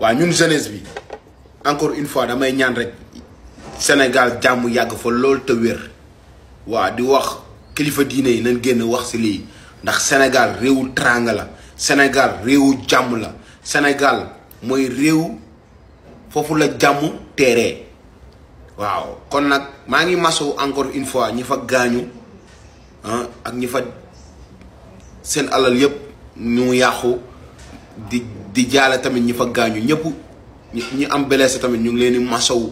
waa ñun jeunesse bi encore une fois damay ñaan rek Sénégal jàmm yàgg fa lool te wér waaw di wax kilifa diine yi nañ génn wax si lii ndax Sénégal réewu teraanga la Sénégal réewu jàmm la Sénégal mooy réew foofu la jàmm teeree waaw kon nag maa ngi masawu encore une fois ñi fa gaañu ah, ak ñi fa seen alal yëpp ñu yàqu di di jaale tamit ñi fa gaañu ñëpp ñi am blessé tamit ñu ngi leen di masawu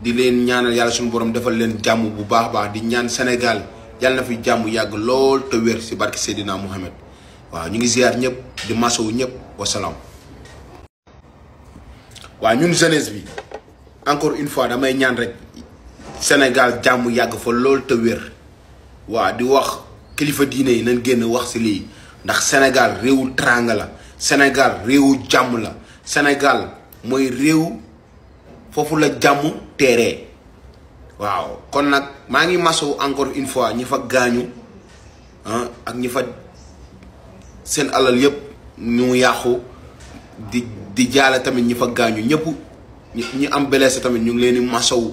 di leen ñaanal yàlla suñu borom defal leen jàmm bu baax baax di ñaan Sénégal yàlla na fi jàmm yàgg lool te si barke Seydina Mohamed waaw ñu ngi ziar ñëpp di masawu ñëpp wasalaam. waaw ñun jeunesse bi encore une fois damay ñaan rek Sénégal jàmm yàgg fa lool te wér di wax kilifa diine yi nañ génn wax si lii ndax Sénégal réewul teraanga la. Sénégal réewu jàmm la Sénégal mooy réew foofu la jàmm teeree waaw kon nag maa ngi masawu encore une fois ñi fa gaañu ah, ak ñi fa seen alal yëpp ñu yàqu di di jaale tamit ñi fa gaañu ñëpp ñi am blessé tamit ñu ngi leen di masawu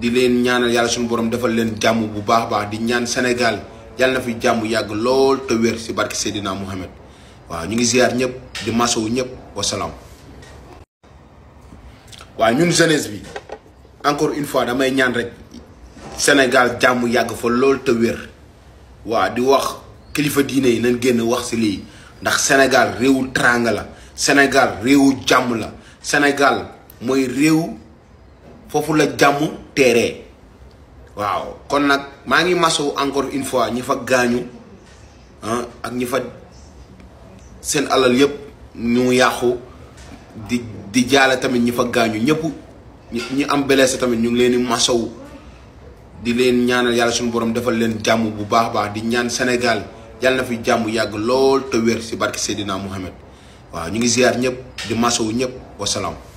di leen ñaanal yàlla suñu borom defal leen jàmm bu baax baax di ñaan Sénégal yàlla na fi jàmm yàgg lool te wér ci barke Seydina Mohamed. waaw ñu ngi ziar ñëpp di wu ñëpp wasalaam. waaw ñun jeunesse bi encore une damay ñaan rek Sénégal jàmm yàgg fa lool te wér waaw di wax kilifa diine yi nañ génn wax si lii ndax Sénégal réewu teraanga la Sénégal réewu jàmm la Sénégal mooy réew foofu la jàmm teeree. waaw kon nag maa ngi masawu encore une fois ñi fa gaañu ah, ak ñi fa. seen alal yëpp ñu yàqu di di jaale tamit ñi fa gaañu ñëpp ñi am blessé tamit ñu ngi leen di masawu di leen ñaanal yàlla suñu borom defal leen jàmm bu baax baax di ñaan Sénégal yàlla na fi jàmm yàgg lool te wér si barke Seydina Mohamed waaw ñu ngi ziar ñëpp di masawu ñëpp wasalaam.